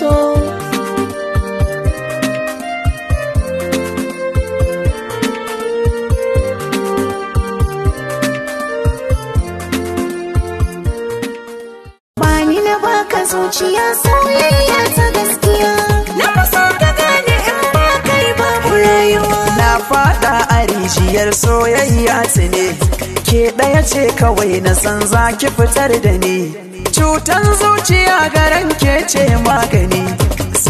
so Bani na baka zuciya soyayya ta gaskiya Na kusan ka gane in ba kai babu rayuwa Na fada a rijiyar soyayya ta ne Ke ɗaya ce kawai na san za ki fitar da ni cutan zuciya garan ke ce magani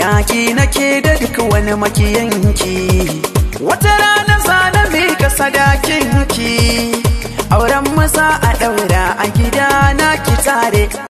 Yaki nake da duk wani makiyanki Wata rana za zana mika sadakinki Auren maza a ɗaura a gida na ki tare